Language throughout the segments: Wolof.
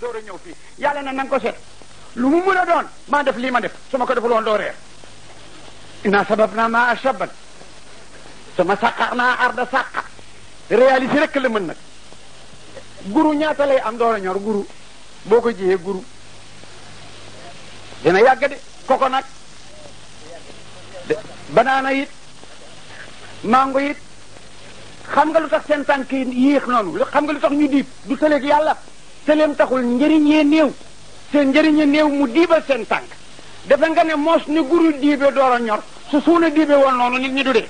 door ñëw fii yàlla na nanga ko seet lu mu mën a doon maa def lii ma def su ma ko deful woon doo reer sabab naa maa a saban sama sàqaar naa arda sàqa réaliser rek la mën nag guru ñaata lay am door a ñor guru boo ko jiyee guru dina yàgg de koko nag banaana it mango it xam nga lu tax seen tànk yi yéex noonu xam nga lu tax ñu diib du tëleeg yàlla te taxul njëriñ yee néew seen njëriñ yee néew mu diibal seen tànk dafa nga ne moos ni guru diibe door a ñor su suuna diibe woon noonu nit ñi du dee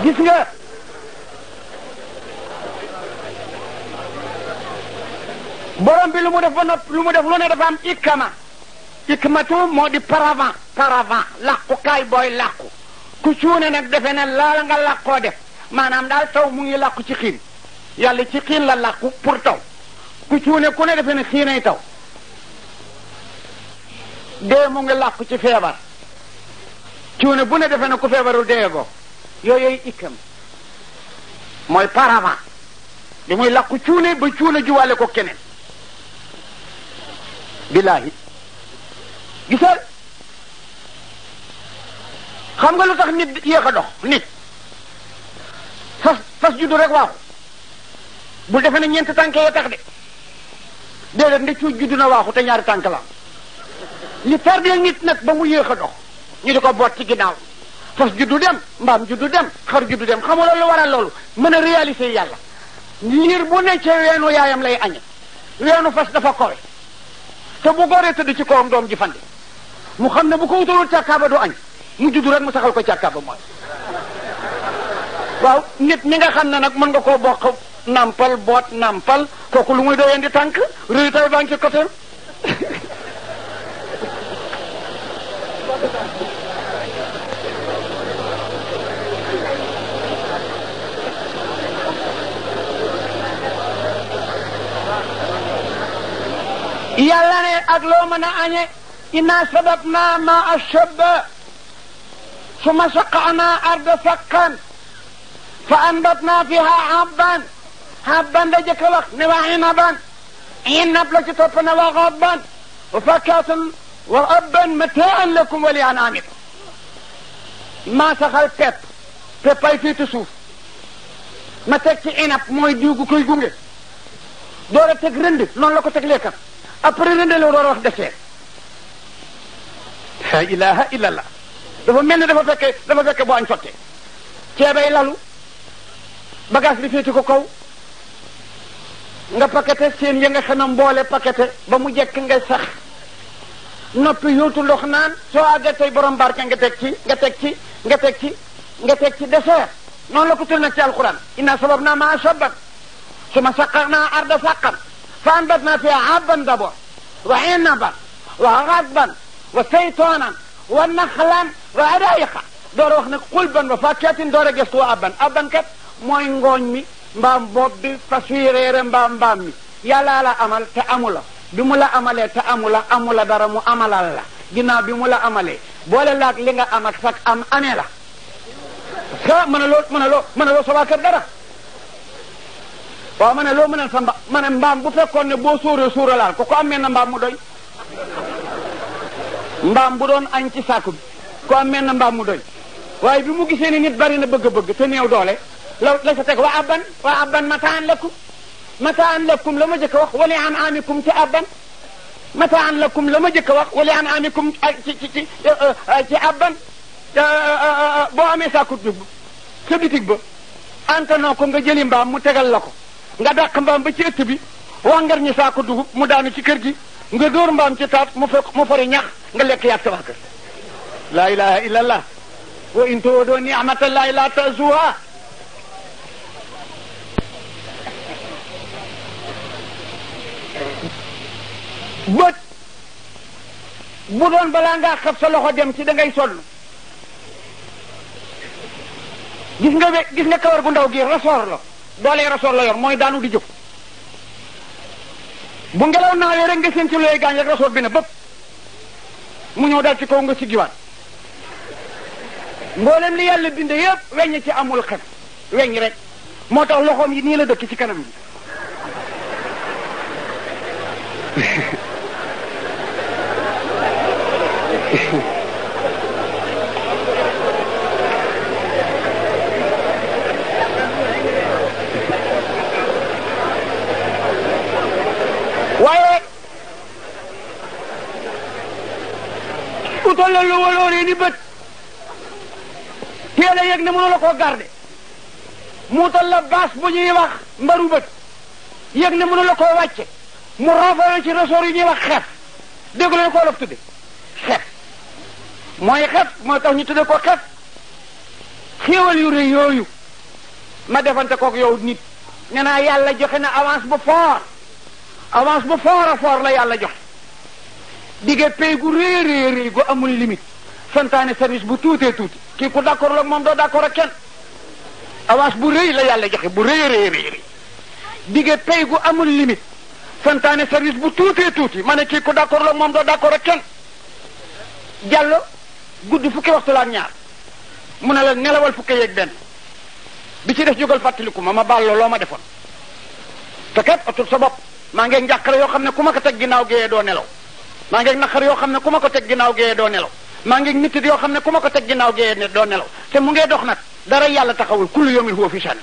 gis nga borom bi lu mu def ba nopp lu mu def lu ne dafa am hikmatu moo di paravent paravent làqukaay booy làqu ku cuune nag defe ne laala nga làqoo def maanaam daal taw mu ngi làqu ci xiin yàlla ci xiin la làqu pour taw ku cuune ku ne defe ne xiinay taw dee mu ngi làqu ci feebar cuune bu ne defe ne ku feebarul deegoo yooyooyu ikkam mooy paravent bi muy làqu cuune ba cuune juwaale ko keneen billaahi gisal xam nga lu tax nit yéex a dox nit fas fas juddu rek waaw bul defe ne ñeenti tànk tax de déedéet nde juddu na waaxu te ñaari tànk la li tardé nit nag ba mu yéex a dox ñu di ko boot ci ginnaaw fas juddu dem mbaam juddu dem xar juddu dem xamuloo lu waral loolu mën a réaliser yàlla liir bu ne ca weenu yaayam lay añe weenu fas dafa kowe te bu góoree tëdd ci kawam doom ji mu xam ne bu ko wutalul càkkaaba du añ mu juddu rek mu saxal ko càkkaaba mooy waaw nit ñi nga xam na nag mën nga koo bokk nampal boot nampal kooku lu muy doyeen di tànk réyu tay baa yàlla ne ak loo mën a añe إنا سببنا ماء الشب ثم سقعنا أرض سقا فأنبتنا فيها حبا حبا لجك وقت وعنبا عنب لك تطن وغبا وفاكهة وأبا متاعا لكم ولأنعامكم maa saxal pepp peppay féete suuf ma teg ci inap mooy diw gu koy gunge door a teg rënd noonu la ko teg lekkam après rënd la door a wax defee laa ilaha dafa mel ni dafa fekke dafa fekke boo añ sotte ceebay lalu bagage bi féeti ko kaw nga pakete seen ya nga xamee mboole pakete ba mu jekk nga sax noppi yóotu ndox naan soo àggatee borom barke nga teg ci nga teg ci nga teg ci nga teg ci dessert noonu la ko tur ci alquran inna sabab naa maa sabab suma saqar naa arda saqar fa anbat naa fiha abban d'abord wa inaban wa rasban wa saytoonan wa naxlan wa adayiqa door a wax nag xulban wa fakiatin door a gestu wa abban abban mooy ngooñ mi mbaam bopp bi fas wi réere mbaam mbaam mi la amal amula bi mu la amalee te dara mu amalal la ginnaaw bi mu la boole laag li nga am ak sax am amee la sa mën a loo mën a loo mën loo mën a loo mënal sa mba mën a mbaam bu fekkoon ne boo sóoree sóoralaal ko ko amee na mbaam mu doy mbaam bu doon añ ci sàkku bi ko am menn mbaam mu doy waaye bi mu gisee ni nit bari na bëgg-bëgg te néew doole la la sa teg wa abban wa abban mataan lakum mataan lakum la ma jëkk wax wali an amikum ci abban mataan lakum la ma jëkk wax wali an amikum ci ci ci ci euh, abban euh, euh, boo amee sàkku dugub sa bitig ba antanoo ko nga jëli mbaam mu tegal la ko nga dàq mbaam ba ci ëtt bi wangar ñi sàkku dugub mu daanu ci kër gi nga dóor mbaam ci taat mu fekk mu fori ñax nga lekk yàgg sa waa kër laa ilaha illa allah wa in tuwadoo ni'matallahi la tazuha bët bu doon balaa ngaa xab sa loxo dem ci da ngay sonn gis nga we gis nga kawar gu ndaw gi rasoor la doole rasoor la yor mooy daanu di jóg bu ngelaw naawee rek nga seen ci looy gaañ rek rasoot bi ne bëpp mu ñëw dal ci kaw nga siggiwaat mboolem li yàlla binde yëpp weñ ci amul xet weñ rek moo tax loxoom yi nii la dëkk ci kanam yi bët teel a yëg ne mënu la koo garde la baas bu ñuy wax mbaru bët yëg ne mënu la koo wàcce mu renvoyé ci ressort yu ñuy wax xef dégg leen ko olof tudde xef mooy xef mooy tax ñu tudde ko xef xéewal yu rëy yooyu ma defante kook yow nit nee naa yàlla joxe na avance bu fort avance bu fort a fort la yàlla joxe digge pay gu rëy rëy gu amul limite santaane service bu tuutee tuuti kii ku d'accord ak moom doo d'accord a ken avance bu rëy la yàlla joxe bu rëy rëy rëy dige pay gu amul limite santaane service bu tuutee tuuti ma ne kii ku d'accord ak moom doo d'accord a kenn jàllo guddi fukki waxtu la ak ñaar mu ne la nelawal fukki yeeg benn bi ci def jógal fàttaliku ma ma baal loo ma defoon te kat otul sa bopp maa ngi njàqare yoo xam ne ku ma ko teg ginnaaw géeyee doo nelaw maa ngi naqar yoo xam ne ku ma ko teg ginnaaw géeyee doo nelaw maa ngi nit yoo xam ne ku ma ko teg ginnaaw gee ne doo nelaw te mu ngee dox nag dara yàlla taxawul kullu yawmin huwa fi shan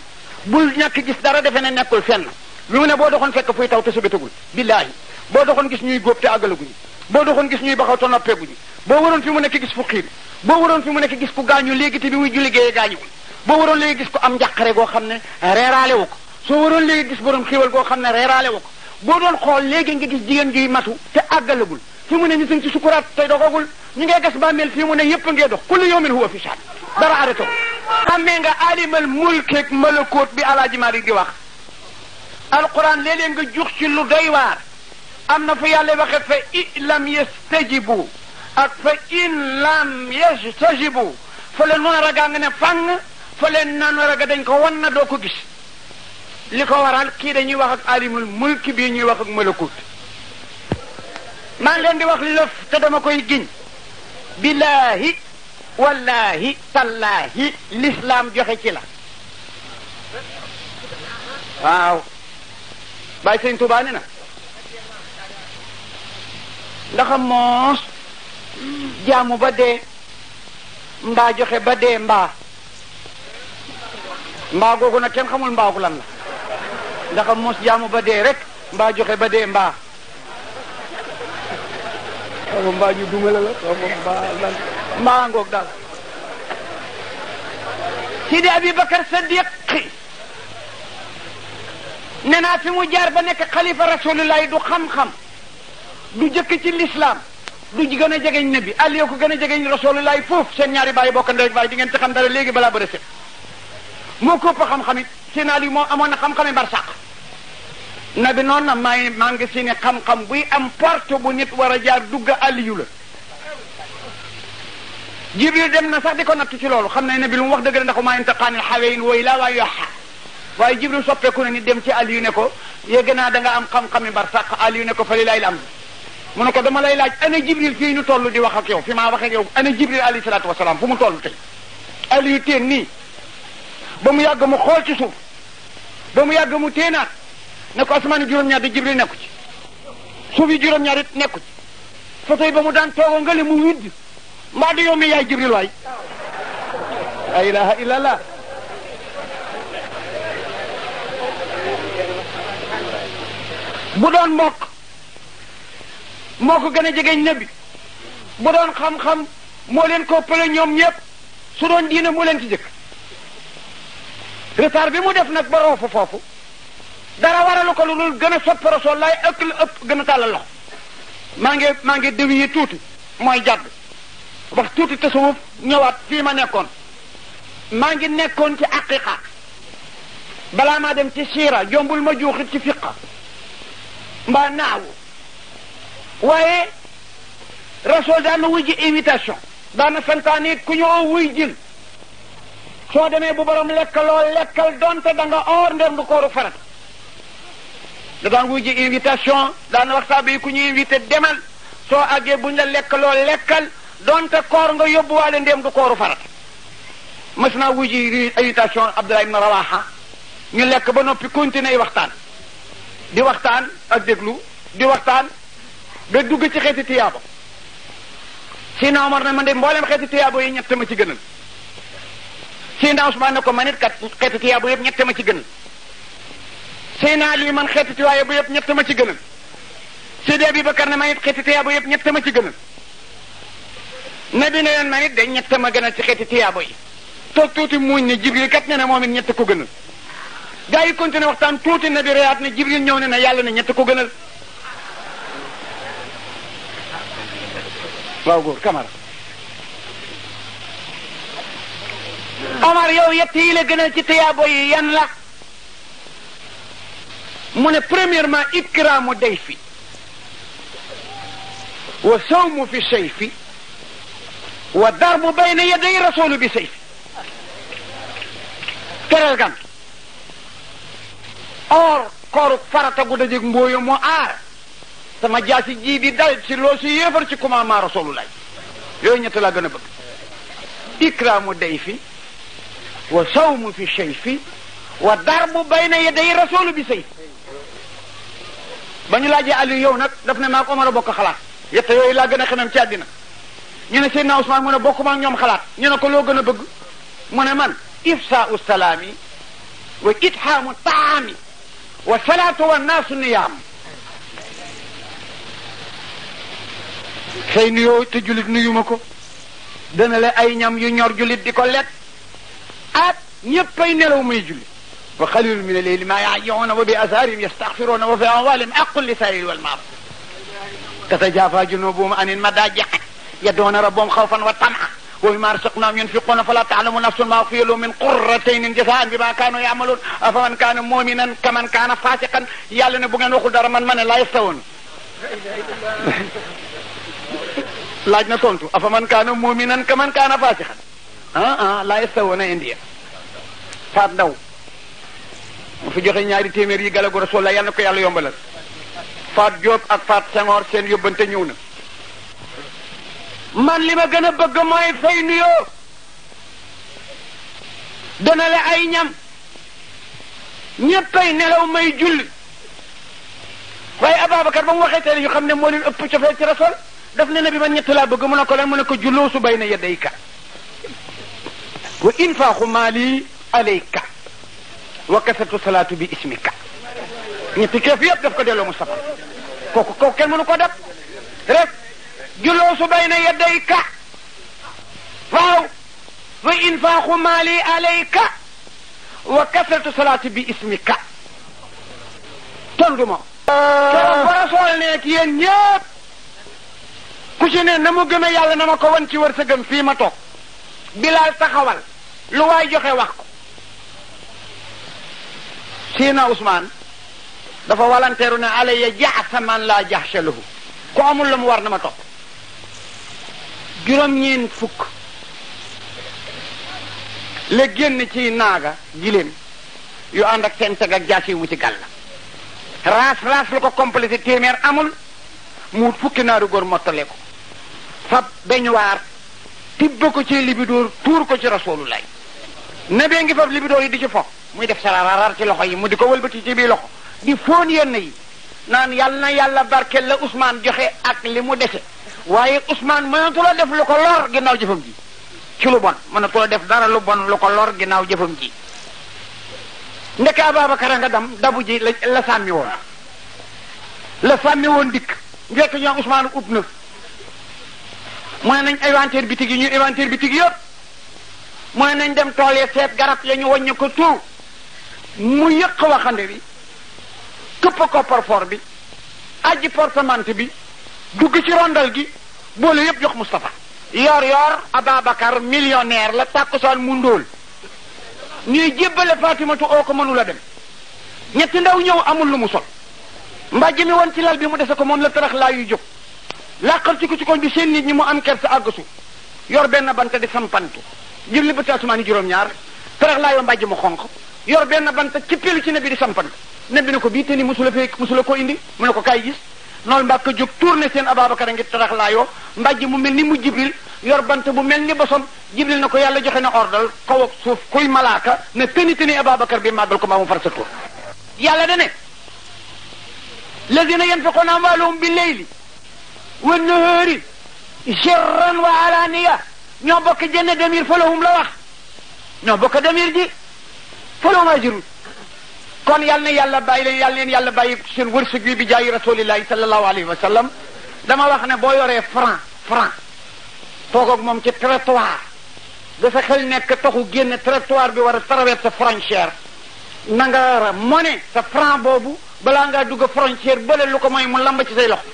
bul ñàkk gis dara defe ne nekkul fenn lu mu ne boo doxoon fekk fuy taw te subatagul billaahi boo doxoon gis ñuy góob te àggalaguñu boo doxoon gis ñuy baxaw te noppeeguñu boo waroon fi mu nekk gis fu xiir boo waroon fi gis ku gaañu léegi te bi muy julli géeye gaañuwul boo waroon léegi gis ko am njàqare goo xam ne reeraale wu ko soo waroon léegi gis borom xiiwal goo xam ne reeraale wu ko boo doon xool léegi nga gis jigéen juy matu te àggalagul fi mu ne ñu ngi ci sukuraat tey dogagul ñu ngay gas bàmmeel fii mu ne yëpp ngee dox kullu yawmin huwa fi shaan dara arrêté xammee nga alimal mulkeeg malakoot bi alaaji Malik di wax alquran léeg-léeg nga jux ci lu doy waar am na fa yàlla waxe fa in lam yastajibu ak fa in lam yastajibu fa leen noon ragaa nga ne fàng fa leen na raga dañ ko wan na doo ko gis li ko waral kii dañuy wax ak alimul mulk bii ñuy wax ak malakoot maa leen di wax lëf te dama koy giñ billaahi wallaahi tallaahi lislaam joxe ci la aw ba sëñ Tuubaa ne na ndax moos jaamu ba dee mbaa joxe ba dee mbaa mbaa googu nag kenn xamul mbaa gu lan la ndax moos jaamu ba dee rek mbaa joxe ba dee mbaa xaw ma mbaa ñu la xaw ma mbaa lan mbaa ngoog daal Sidi Abubakar Sadiq nee naa fi mu jaar ba nekk xalifa rasulullahi du xam-xam du jëkk ci lislaam du gën a jegeñ nabi Aliou ko gën a jegeñ rasulullahi foofu seen ñaari bàyyi bokk ndey bàyyi di ngeen ci xam dara léegi balaa bëri set moo ko ëpp xam-xam it seen Aliou moo amoon na xam-xame bar nabi noonu na maa ngi maa ngi si ne xam am porte bu nit war a jaar dugg aliyu la jibril dem na sax di ko natt ci loolu xam ne bi lu mu wax na la ndax maa intaqaanil xaweyin wooyu laa waaye yoxa waaye jibril soppeeku na nit dem ci aliyu ne ko yégg naa da nga am xam-xami bar sax aliyu ne ko fa li laay am mu ne ko dama lay laaj ana jibril fii ñu toll di wax ak yow fi ma wax ak yow ana jibril alayhi salaatu wasalaam fu mu toll tey aliyu teen nii ba mu yàgg mu xool ci ba mu yàgg mu teenaat ne ko asmaan juróom-ñaar di jibril nekku ci suuf juróom-ñaar nekku ci foto yi ba mu daan toogoo nga li mu widd mbaa di yow mi yaay jibril waay la ilaha illallah bu doon mbokk moo ko gën a jegeñ nabi bu doon xam-xam moo leen ko pële ñoom ñëpp su doon diine moo leen ci jëkk retard bi mu def nag ba roofu foofu dara waralu ko lu dul gën a sopp rasool laay ëkk lu ëpp gën a tàllal maa ngi maa ngi dévier tuuti mooy jàdd wax tuuti tasawuf ñëwaat fii ma nekkoon maa ngi nekkoon ci aqiqa balaa maa dem ci siira jombul ma juuxit ci fiqa mbaa naawu waaye rasool daana wuy ji invitation daana santaane ku ñoo wuy jil soo demee bu borom lekkaloo lekkal donte da nga or ndem kooru farat da daan wuy ji invitation daana wax saaba yi ku ñu invité demal soo àggee buñ la lekkaloo lekkal donte koor nga yóbbuwaale ndéem du kooru farat mës naa wuy ji invitation Abdullah ibn Rawaha ñu lekk ba noppi continuer waxtaan di waxtaan ak déglu di waxtaan ba dugg ci xeeti tiyaabo Sina Omar ne man de mboolem xeeti tiyaabo yi ñett ma ci gënal naa Ousmane ne ko man it kat xeeti tiyaabo yëpp ñett ma ci gënal sëy naa lii man xeeti tiwaay bu yëpp ñett ma ci gënal Seydi Abubakar ne man it xeeti tiyaabo yëpp ñett ma ci gënal nabi ne leen man it dañ ñett ma gënal ci xeeti tiyaabo yi toog tuuti muuñ ne jibril kat ne ne moom ñett ko gënal gaa yi continué waxtaan tuuti nabi reyaat ne jibril ñëw ne yàlla ne ñett ko gënal waaw góor kamara amar yow yett yi la gënal ci tiyaabo yi yan la mu ne premièrement ikraamu day fi wa sawmu fi sey fi wa darbu bayna yaday rasulu bi sey fi teral gan or kooru farata gu dajeg mbooyo moo aar sama jaasi ji di dal ci loo si yéefar ci commandement rasulullah yooyu ñett laa gën a bëgg ikraamu day fi wa sawmu fi sey fi wa darbu bayna yaday rasulu bi sey bañu ñu laajee Aliou yow nag daf ne maa ko Omar a bokk xalaat yette yooyu laa gën a xemam ci àddina ñu ne Seydina Ousmane mu ne bokk ak ñoom xalaat ñu ne ko loo gën a bëgg mu ne man ifsaau salaami wa ithaamu taami wa salaatu wa naasu niyaam say nuyoo te julit nuyu ma ko dana le ay ñam yu ñor julit di ko lekk ak ñéppay nelaw may julit وقليل من الليل ما يعيعون وبأثارهم يستغفرون وفي أموالهم حق للسائل والمعصوم تتجافى جنوبهم عن المضاجع يدعون ربهم خوفا وطمعا وبما رزقناهم ينفقون فلا تعلم نفس ما أخفي من قرتين جزاء بما كانوا يعملون أفمن كان مؤمنا كمن كان فاسقا يالا ne bu ngeen waxul dara man ma ne laa yastawoon laaj na tontu أفمن كان مؤمنا كمن كان فاسقا ah ah laa yastawoon a indi faat ndaw bu fi joxe ñaari téeméer yi galagu rasul la yal na ko yàlla yombalal faat Diop ak faat Senghor seen yóbbante ñëw na man li ma gën a bëgg mooy fay nuyoo dana la ay ñam ñëppay nelaw may julli waaye Ababacar ba mu waxee teel ñu xam ne moo leen ëpp cofee ci rasul daf ne nabi man ñett laa bëgg mu na ko lan mu ne ko julloo su bay na yadayka wa infaaxu maali alayka wa kasatu salaatu bi ismika ñetti keef yëpp daf ko delloo Mustafa kooku kooku kenn mënu ko def rek juloosu bayna yadayka waaw wa infaaxu maali alayka wa kasratu salaati bi ismika tontu ma keroog ba rasool ne ci yéen ku ci ne mu gëme yàlla na ma ko wan ci wërsëgam fii ma toog bilaal taxawal lu waay joxe wax ko siina Ousmane dafa walanteeru ne alaya jaxsa man laa jaxsa lahu ku amul la mu war na ma topp juróom-ñeent fukk la génn ci naaga giléem yu ànd ak seen teg ak jaas yi mu ci gàll raas raas lu ko complété téeméer amul mu fukki naaru góor mottale ko fab beñuwaar tibb ko ci libidoor tuur ko ci rasoolu lay nebee ngi fab libidoor yi di ci fo muy def sarararar ci loxo yi mu di ko wëlbati ci biir loxo di fóon yenn yi naan yàlla na yàlla barkeel la Ousmane joxe ak li mu dese waaye Ousmane mënatula def lu ko lor ginnaaw jëfam ji ci lu bon def dara lu bon lu ko lor ginnaaw jëfam ji ndeke Ababacar a nga dam dabu ji la sàmmi woon la sàmmi woon dikk njëkk ñoo Ousmane ut na mu ne nañ inventaire bitig yi ñu inventaire bitig yëpp mu ne nañ dem tool seet garab ya ñu wàññi ko tout mu yëq waxande bi këpp ko porfor bi aji portemante bi dugg ci rondal gi boole yëpp jox Moustapha yor yor Ababacar millionnaire la tàkkusaan mu ndóol ñuy jébbale Fatimatu oo ko mënula dem ñetti ndaw ñëw amul lu mu sol mbàjj mi woon ci lal bi mu dese ko moom la tarax laa yuy jóg làqal ci ko ci koñ bi seen nit ñi mu am kersa àgg su yor benn bant di sampantu jël li ba ci asamaan yi juróom-ñaar tarax laa mbàjj mu xonq yor benn banta cippeelu ci nabi di sampan nabi ne ko bii te ni musula fee musula ko indi mu ne ko kaay gis noonu mbàkk jóg tourné seen Ababacar a ngi tarax laayoo mbàjj mu mel ni mu jibril yor bant bu mel ni bosom jibril na ko yàlla joxe na ordal kaw ak suuf kuy malaaka ne tëni tëni Ababacar bi màggal ko maa mu farsat ko yàlla da ne lazina yanfiquna amwaalahum bi leyli wa nahaari sirran wa alaaniya ñoo bokk jenn demir fa lahum la wax ñoo bokk folo maa jurul kon yal na yàlla bàyyi leen yal leen yàlla bàyyi seen wërsëg wi bi jaayi rasulillahi sallallahu alayhi wa sallam dama wax ne boo yoree franc franc toog moom ci trottoir da sa xel nekk taxu génn trottoir bi war a sa frontière na moo monnaie sa franc boobu balaa ngaa dugg frontière bële lu ko mooy mu lamb ci say loxo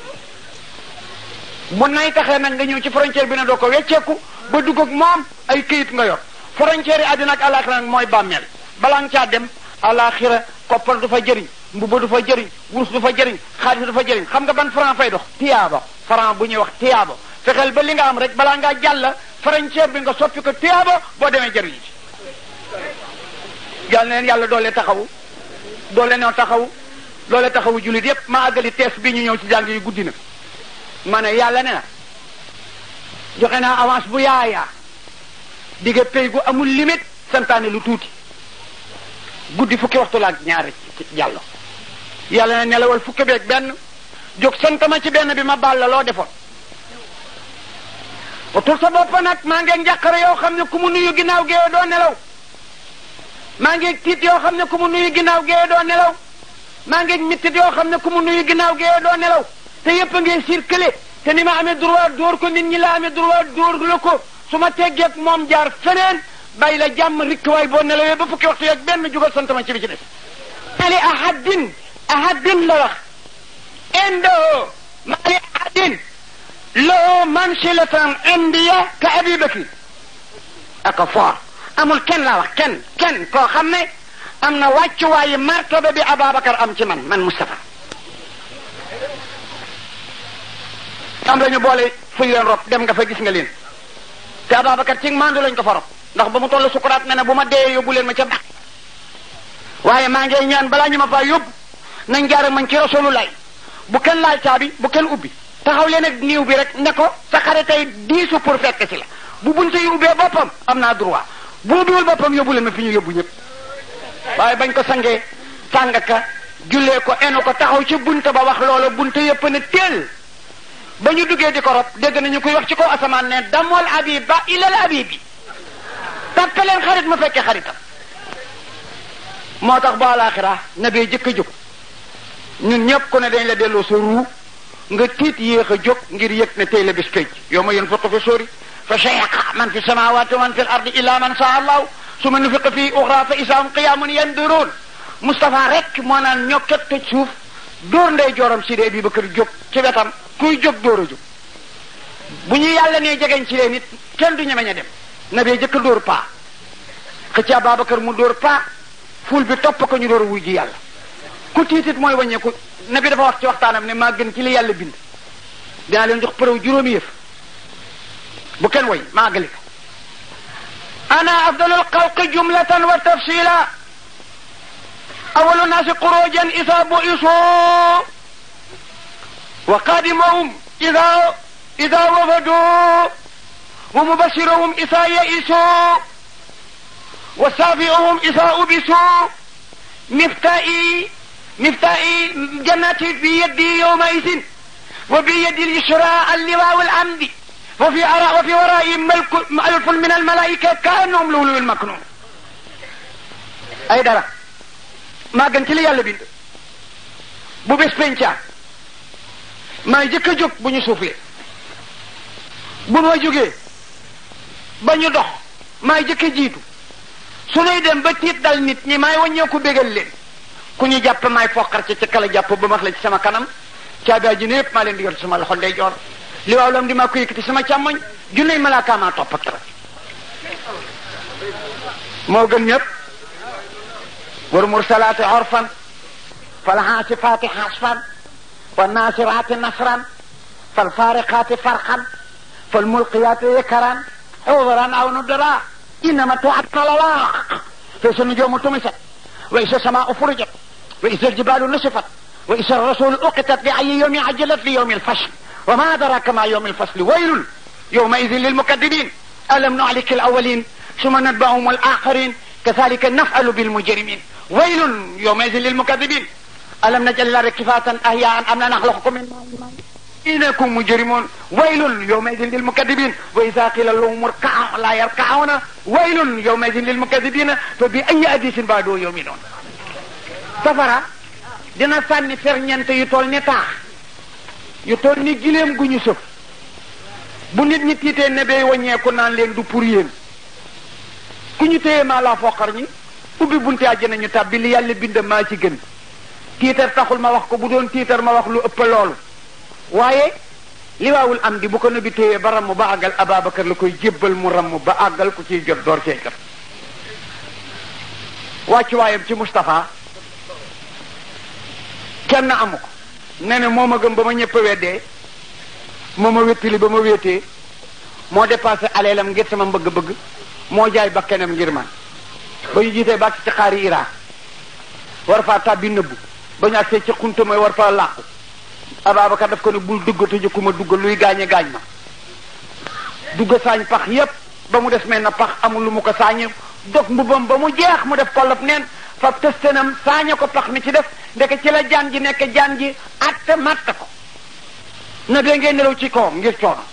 mu nay taxee nag nga ñëw ci frontière bi ne doo ko wecceeku ba dugg ak moom ay këyit nga yor frontière yi àddina ak àllaaxira nag mooy bàmmeel balaa nga caa dem alaxira koppar du fa jëriñ mbuba du jëriñ wurus du fa jëriñ xaalis du fa xam nga ban franc fay dox tiyaaba franc bu ñuy wax tiyaaba fexeel ba li am rek balaa ngaa jàll farañcee bi nga soppi ko tiyaaba boo demee jëriñ ci yal na leen yàlla doole taxawu doole noo taxawu loole taxawu jullit yépp ma àggali tees bi ñu ñëw ci jàng yu guddi na ma yàlla ne na joxe naa avance bu yaayaa digga pay gu amul limite santaane lu tuuti guddi fukki waxtu la ñaar ci na nelawal fukki beeg benn jóg sant ci benn bi ma baal loo defoon otul sa bopp nag maa ngi njàqare yoo xam ne ku mu nuyu ginnaaw géewe doo nelaw maa ngi tiit yoo xam ne ku mu nuyu ginnaaw géewe doo nelaw maa ngi mittit yoo xam ne ku mu nuyu ginnaaw géewe doo nelaw te yépp a te ni ma amee droit dóor ko nit ñi la amee droit dóor la ko su ma teggeeg moom jaar feneen bàyyi la jàmm rikkiwaay boo nelawee ba fukki waxtu yeeg benn jugal sant ma ci bi ci des mali ahadin ahadin la wax indoo mali ahadin loo mansilatan indiya ka abi bakri aka foor amul kenn laa wax kenn kenn koo xam ne am na wàccuwaayu martaba bi Ababacar am ci man man Moustapha am la ñu boole fu ñu leen rob dem nga fa gis nga leen te Ababacar ci maandu lañ ko fa rob ndax ba mu toll sukuraat ne na bu ma dee yóbbu leen ma ca baax waaye maa ngi ñaan balaa ñu ma faa yóbbu nañ jaar ak man ci rasulullah bu kenn laal caabi bu kenn ubbi taxaw leen ak niiw bi rek ne ko sa xare tey diisu pour fekk ci la bu bunte yi ubbee boppam am naa droit bu ubbiwul boppam yóbbu leen ma fi ñu yóbbu ñëpp waaye bañ ko sangee sàng ka jullee ko enu ko taxaw ci bunte ba wax loola bunt yëpp ne teel ba ñu duggee di ko rob dégg nañu koy wax ci kaw asamaan ne damol abi ba ilal abi dàkk leen xarit mu fekkee xaritam moo tax ba alaaxira na bee jëkk a jóg ñun ñëpp ku ne dañ la delloo sa ruu nga yéex a jóg ngir yëg na tey la bis pénc yow ma yunfaxu fi suuri fa sayaqa man fi samawati wa man fi l ardi illa man saa allahu suma nufiqa fii uxra fa isaam qiyaamun yanduruun Moustapha rek moo naan ñokket tëj suuf dóor ndey jooram si dee bi ba kër jóg ci wetam kuy jóg dóor a jóg bu ñu yàlla nee jegeñ ci leen it du ñemeñ a dem nabee jëkk a dóor paa xëcc Ababakar mu dóor paa ful bi topp ko ñu dóor wuy ji yàlla ku tiitit mooy wàññeeku nabi dafa wax ci waxtaanam ne maa gën ci li yàlla bind dinaa leen jox bu kenn way maa gëli ko ana afdalul xalqi jumlatan wa tafsila awalu naasi xurujan isa bu isoo wa qadimahum isa isa wafadoo ومبشرهم إذا يئسوا وسابعهم إذا أبسوا مفتائي مفتائي جنتي بيدي يومئذ وبيد اليسرى اللواء والعمد وفي أراء وفي ورائي ملك ألف من الملائكة كأنهم لولو المكنون أي دارا ما قنت لي يالا بند بو بس بنتا ما يجيك جوك بني سوفي بنو جوكي ba ñu dox maay jëkke jiitu su nuy dem ba tiit dal nit ñi maay ku bégal leen ku ñu jàpp maay foqar ci ci kala jàpp ba max la ci sama kanam caabi ji ne yëpp maa leen di yor sama loxo day joor li waaw lam di maa ko yëkkati sama càmmoñ junney malaaka maa topp ak moo gën ñëpp war mursalaati orfan fal haasifaati hasfan wa naasiraati nasran fal faariqaati farxan fal mulqiyaati yëkkaraan عذرا أو نذرا إنما تعطل الله فإذا النجوم طمست وإذا السماء فرجت وإذا الجبال نصفت وإذا الرسول أقتت لأي يوم عجلت ليوم الفصل وما أدراك ما يوم الفصل ويل يومئذ للمكذبين ألم نهلك الأولين ثم نتبعهم الآخرين كذلك نفعل بالمجرمين ويل يومئذ للمكذبين ألم نجعل الأرض كفاة أحياء أم لا نخلقكم من ماء إنكم مجرمون ويل يومئذ للمكذبين وإذا قيل لهم اركعوا لا يركعون ويل يومئذ للمكذبين فبأي حديث بعده يؤمنون safara dina sànni ferñeent yu toll ni taax yu toll ni gileem gu ñu sëf bu nit ñi tiitee nebey waññeeku naan leen du pour yéen ku ñu téye maa laa foqar ñi ubbi bunte àjjana ñu tàbbi li yàlla bind maa ci gën tiitar taxul ma wax ko bu doon tiitar ma wax lu ëpp loolu waaye liwaawul am di bu ko nabi téyee ba ramm ba àggal Ababacar la koy jébbal mu ram ba àggal ko ciy jot door cee jot wàccu ci Moustapha kenn amuko ko nee na moo ma gëm ba ma ñëpp weddee moo ma wéttali ba ma wéetee moo dépassé aleelam ngir sama mbëgg-bëgg moo jaay bakkenam ngir man ba ñu jiitee bàcc ci xaari Irak war faa tàbbi nëbbu ba ñu agsee ci xunta war faa làqu Ababacar daf ko ne bul duggatu ji ku ma dugg luy gaañe gaañ ma dugg saañ pax yépp ba mu des mel na pax amul lu mu ko saañe dog mbubam ba mu jeex mu def kollab nen fa tëstanam saañe ko pax mi ci def ndeke ci la jaan ji nekk jaan ji atte matt ko na ngeen nelaw ci kawam ngir coono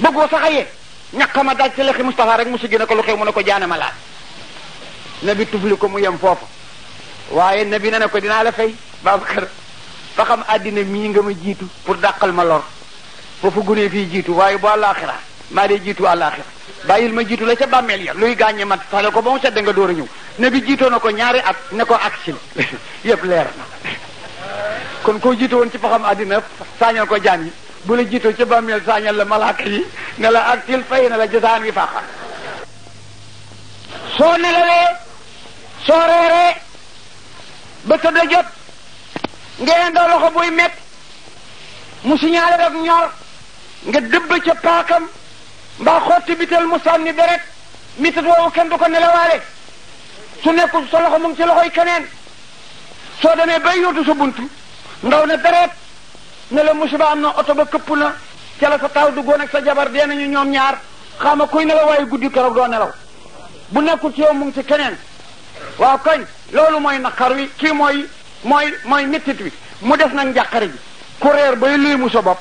bëggoo sax a yee ñaqama daaj sa lexi Moustapha rek mu siggi ne ko lu xew mu ne ko jaane ma laal nabi tufli ko mu yem foofu waaye nabi ne ko dinaa la fay Babacar ba xam àddina mii nga ma jiitu pour dàqal ma lor foofu gunee fii jiitu waaye bu àllaaxira maa dee jiitu àllaaxira bàyyil ma jiitu la ca bàmmeel ya luy gaañe mat fale ko ba mu sedd nga door a ñëw ne bi jiitoo na ko ñaari at ne ko agsi la yëpp leer na kon koo jiitu woon ci fa xam àddina saañal ko jaam yi bu la jiitoo ca bàmmeel saañal la malaaka yi ne la agsil fay na la jasaan wi jot ngeen doo loxo buy metti mu siñaale ak ñor nga dëbb ca paakam mbaa xotti bital mu sànni deret mitat woowu kenn du ko nelawaale su nekkul sa loxo mu ngi ci loxoy keneen soo demee bay yóotu sa bunt ndaw na deret ne la musiba am na oto ba këpp na ca la sa taaw duggoon ak sa jabar dee nañu ñoom ñaar xama kuy nelaw waaye guddi keroog doo nelaw bu nekkul ci yow mu ngi ci keneen waaw kañ loolu mooy naqar wi kii mooy mooy mooy mettit wi mu def nag njàqare ji ku reer bay léemu sa bopp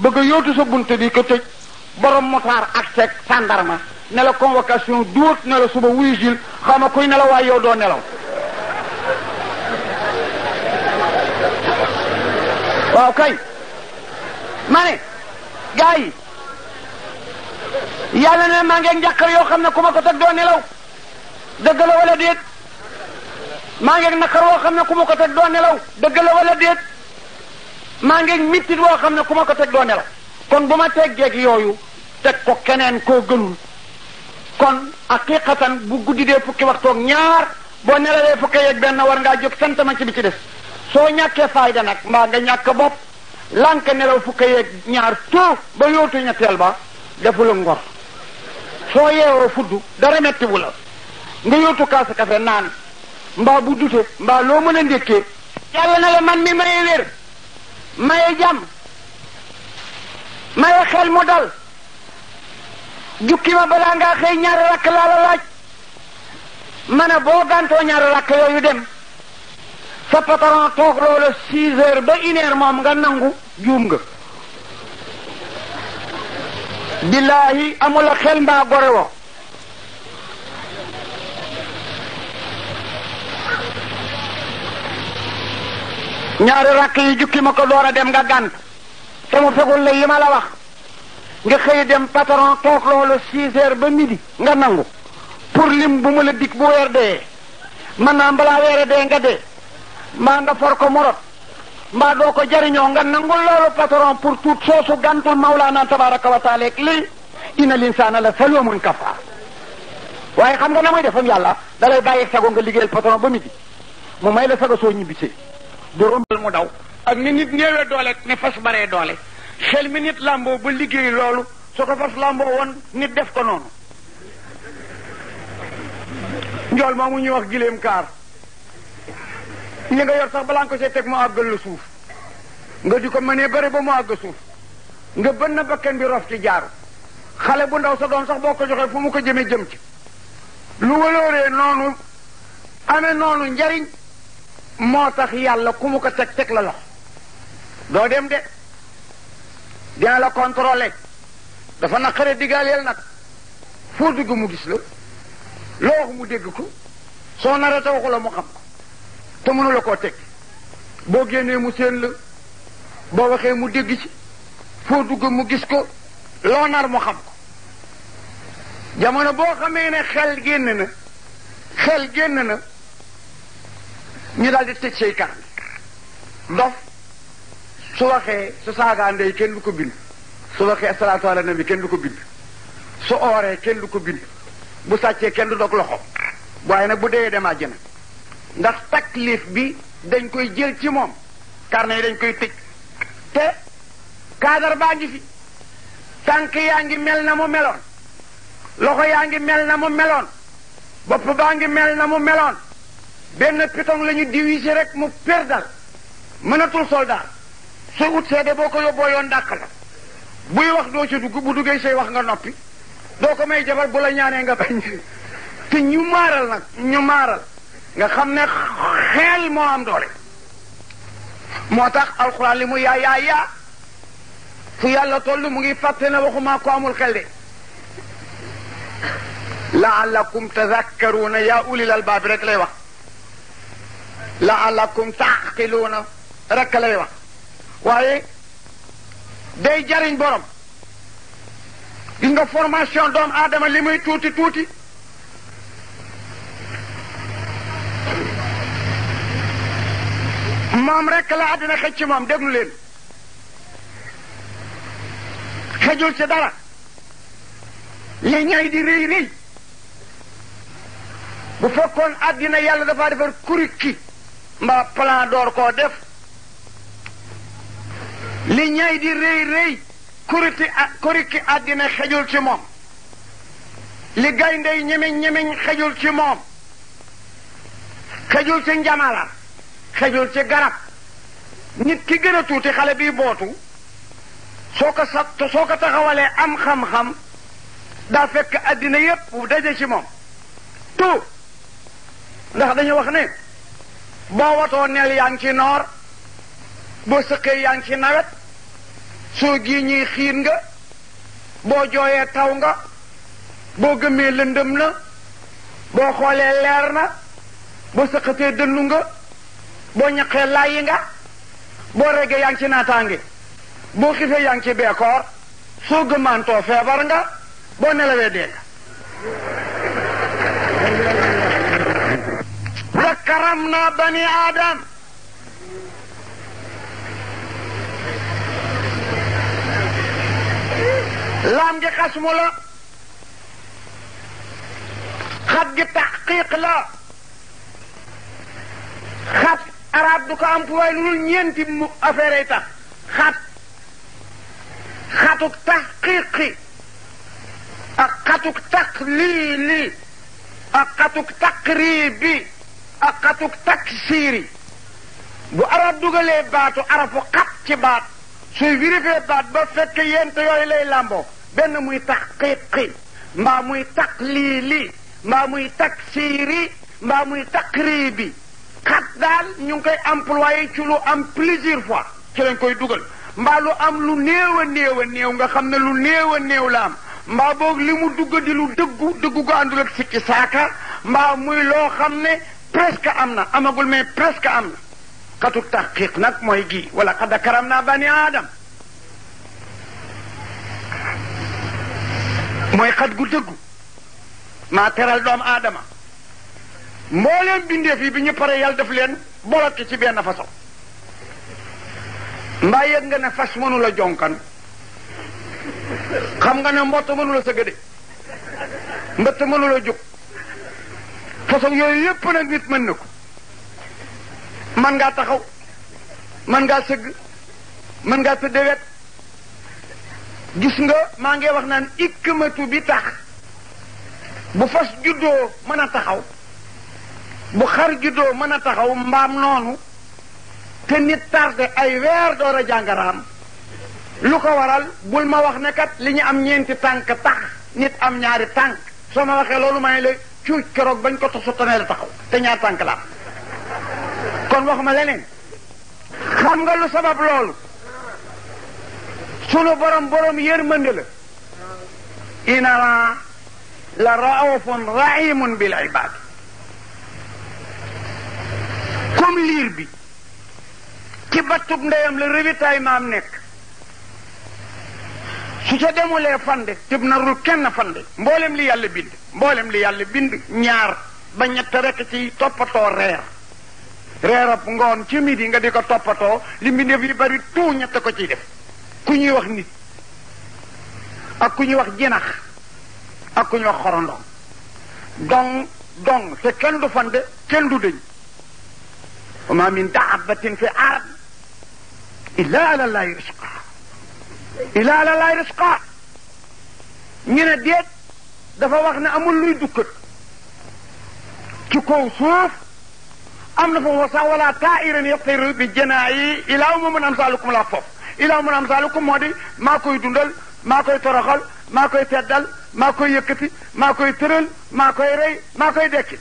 bëgg a yóotu sa bunt bi ko tëj borom motaar ak seeg sandarma ne convocation duut ne suba wuyu jil xaw ma kuy nelaw waaye yow doo nelaw waaw kay ma ne yi yàlla ne maa ngi njàqar yoo xam ne ku ma ko teg doo nelaw dëgg la wala déet maa ngeeg nakar woo xam ne ku ma ko teg doo nelaw dëgg la wala déet maa ngeeg mittit woo xam ne ku ma ko teg doo nelaw kon bu ma teggeeg yooyu teg ko keneen ko gënul kon aqiqatan bu guddi dee fukki waxtoog ñaar boo nelawee fukki yeeg benn war ngaa jóg sant ma ci bi ci des soo ñàkkee fayda nag mbaa nga ñàkk bopp lànk nelaw fukki yeeg ñaar tout ba yootu ñetteel ba defula ngor soo yeewoo fudd dara mettiwu la nga yootu kaasa kafe naan mbaa bu dute mbaa loo mën a ndékkee yàlla man mi maye wér maye jàmm maye xel mu dal jukki ma balaa ngaa xëy ñaari rakk laa la laaj ma ne boo gàntoo ñaari rakk yooyu dem sa patron toog loola six heures ba une moom nga nangu juum nga billaahi amula xel mbaa gore ñaari rakk yi jukki ma ko door a dem nga gànt te mu fegul la yi ma la wax nga xëy dem patron toog loolu six heures ba midi nga nangu pour lim bu mu la dikk bu weer dee man naa balaa weere dee nga dee mbaa nga for ko morot mbaa doo ko jariñoo nga nangul loolu patron pour tuut soosu gàntul mawlaana tabaraka wa taala lii inna linsaana la salumun kafaar waaye xam nga na muy defam yàlla da lay bàyyi sago nga liggéeyal patron ba midi mu may la sago soo du rombal mu daw ak ni nit néewee doole ni fas baree doole xel mi nit làmboo ba liggéey loolu su ko fas làmboo woon nit def ko noonu njool moomu ñuy wax gileem kaar ñi nga yor sax balaa nga ko see teg mu àggal la suuf nga di ko mënee bëri ba mu àgg suuf nga bën na bakkan bi rof ci jaaru xale bu ndaw sa doom sax boo ko joxee fu mu ko jëmee jëm ci lu walooree noonu amee noonu njariñ moo tax yàlla ku mu ko teg teg la loxo doo dem de dina la contrôler dafa naqare digaaleel nag foo dugg mu gis la loo wax mu dégg ko soo nara te waxu la mu xam ko te mënu koo teg boo génnee mu séen la boo waxee mu dégg ci foo dugg mu gis ko loo nar mu xam ko jamono boo xamee ne xel génn na xel génn na ñu daal di tëj say karam dof su waxee su saagaa kenn du ko bind su waxee asalaatu kenn du ko bind su ooree kenn du ko bind bu sàccee kenn du dog loxo waaye nag bu dee dem àjjana ndax taklif bi dañ koy jël ci moom carnet yi dañ koy tëj te kaadar baa ngi fi tànk yaa ngi mel na mu meloon loxo yaa ngi mel na mu meloon bopp baa ngi mel na mu meloon benn piton la ñu rek mu perdal mënatul soldat soo wut seede boo ko yóbboo yoon dàq la buy wax doo ci dugg bu duggee say wax nga noppi doo ko may jabar bu la ñaanee nga bañ te ñu maaral nag ñu maaral nga xam ne xeel moo am doole moo tax alxuraan li mu yaa yaa yaa fu yàlla toll mu ngi fàtte na waxumaa ko amul xel de laallakum tazakkaruuna yaa ulil albaab rek lay wax laalakum taaqiluuna rekk lay wax waaye day jariñ borom gis nga formation doomu aadama li muy tuuti tuuti moom rekk la àddina xëj ci leen xëjul ci dara li ñay di rëy rëy bu fekkoon àddina yàlla dafa defar kurikki mbaa plan door koo def li ñay di rëy rëy kuriti a xejul ci moom li gayndey ñemeñ ñemeñ xejul ci moom xejul ci njamala xejul ci garab nit ki gën a tuuti xale bi bootu soo ko sa soo ko taxawalee am xam-xam daa fekk àddina yépp daje ci moom tout ndax dañu wax ne boo watoo neel yaa ci noor boo sëqee yaa ngi ci nawet soo gii xiin nga boo jooyee taw nga boo gëmee lëndëm na boo xoolee leer na boo sëqatee dënnu nga boo ñaqee laayi nga boo regee yaa ngi ci naataange boo xifee yaa ci beekoor soo gëmaantoo feebar nga boo nelawee dee nga wa karamna bani aadam laam gi xasmu la xat gi taxqiq la xat arab du ko lu dul ñeenti mu xatuk taxqiqi ak xatuk taqribi baatu taksiiri bu arab dugalee baatu arafu xat ci baat suy wirifee baat ba fekk yent yooyu lay làmboo benn muy taxqiqi mbaa muy taqliili mbaa muy taksiiri mbaa muy taqriibi xat daal ñu ngi koy employé ci lu am plusieurs fois ci lañ koy dugal mbaa lu am lu néew a néew a nga xam ne lu néew a néew la am mbaa boog li mu dugg di lu dëggu dëggu ko àndul ak sikki saaka mbaa muy loo xam ne presque am na amagul mais presque am na xatu taxqiq nag mooy gi wala xad karam naa bani aadam mooy xat gu dëggu maa teral doom aadama mbooleem bindeef yi bi ñu pare yàlla def leen boloke ci benn façon mbaa yëg nga ne fas mënu la jonkan xam nga ne mbott mënu la sëgg de mbëtt mënu la jóg façon yooyu yëpp nag nit mën na ko mën ngaa taxaw mën ngaa sëgg mën ngaa tëdde wet gis nga maa ngi wax naan ikkmatu bi tax bu fas juddoo mën a taxaw bu xar juddoo mën a taxaw mbaam noonu te nit tardé ay weer door a jàngaraam lu ko waral bul ma wax nekkat li ñu am ñeenti tànk tax nit am ñaari tànk soo ma waxee loolu may cuuj keroog bañ ko tosu tonee la taxaw te ñaar tànk la kon wax ma leneen xam nga lu sabab loolu sunu borom borom yërmande la inna la raufun rahimun bil ibad comme liir bi ci battub ndeyam la rëbitaay maam nekk su ca demulee fande tëb na rul kenn fande mboolem li yàlla bind mboolem li yàlla bind ñaar ba ñett rek ci toppatoo reer reerab ngoon ci midi nga di ko toppatoo li mbindeef yi bari tout ñett ko ciy def ku ñuy wax nit ak ku ñuy wax jinax ak ku ñuy wax xorondong dong dong te kenn du fande kenn du dëñ wa ma min daabatin fi arab illa ala llahi risqa illa ala llahi risqa ñu ne déet dafa wax ne amul luy dukkat ci kaw suuf am na foofu sax wala taa'iran yatiru bi janaayi ilaa umamun amsaalukum la foofu ilaa umamun amsaalukum moo di maa koy dundal maa koy toroxal maa koy teddal maa koy yëkkati maa koy tëral maa koy rey maa koy dekki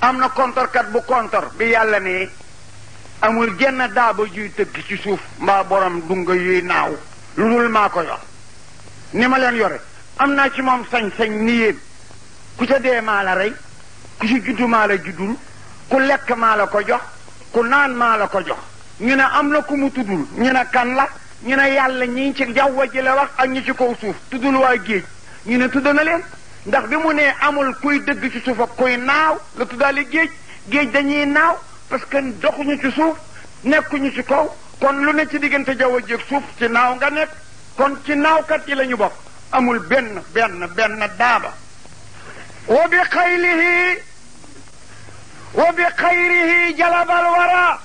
am na kontorkat bu kontor bi yàlla ne amul genn daaba juy tëgg ci suuf mbaa borom dunga yuy naaw lu dul maa ko yor ni ma leen yore am naa ci moom sañ-sañ ni ku ca dee maa la rey ku ci juddu maa juddul ku lekk maa la ko jox ku naan maa la ko jox ñu ne am na ku mu tuddul ñu ne kan la ñu ne yàlla ñi ci jaw ji la wax ak ñu ci kaw suuf tuddul waa géej ñu ne tudd na leen ndax bi mu nee amul kuy dëgg ci suuf ak kuy naaw la tuddaale géej géej dañuy naaw parce que doxuñu ci suuf nekkuñu ci kaw kon lu ne ci diggante jaww ji ak suuf ci naaw nga nekk kon ci naawkat yi la ñu bokk amul benn benn benn daaba wa bi xaylihi wa bi xayrihi jalabal wara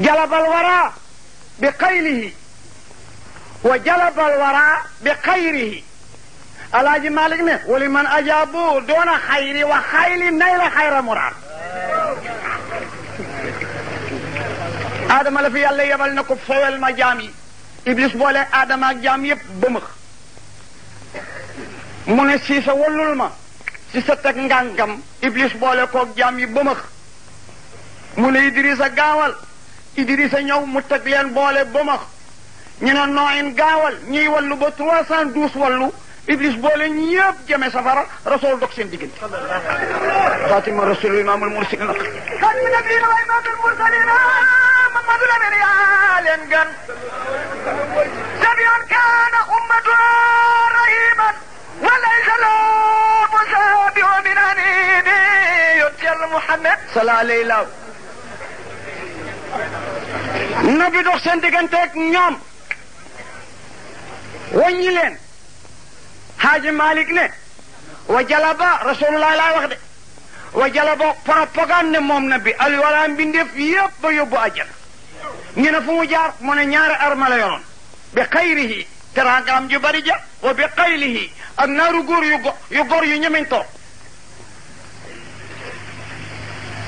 jalabal wara bi xaylihi wa jalabal wara bi xayrihi alaaji malik ne wali man ajabu doona xayri wa xayli nay la xayra muraad aadama la fi yàlla yebal na ko fowel ma jaam yi iblis boole aadama ak jaam yépp bëmëx mu ne si sa wallul ma si sa teg ngànkam iblis boole koog jaam yi bëmëx mu ne idrisa gaawal idrisa ñëw mu teg leen boole bëmëx ñu ne nooyin gaawal ñiy wallu ba trois cent douze wallu iblis boole ñëpp jëme safara rasul dog seen diggante fatima rasul imaamul mursalin nag kan min nabiyina wa imaamul mursalin mamadou lamine yaa leen gan نبيا كان أمته رهيبا وليس له مشابه من أنيبه يتجل محمد صلى عليه وسلم nabi dox seen digganteeg ñoom wàññi leen xaaji malik ne wa jalaba rasulullah laa wax de wa jalaba propagande ne moom nabi alwala mbindeef yépp ba yóbbu àjjana ñu ne fu mu jaar mu ne ñaari arma la yoroon bi xayrihi teraangaam ju bari ja wa bi xaylihi ak naaru yu go yu góor yu ñemintoo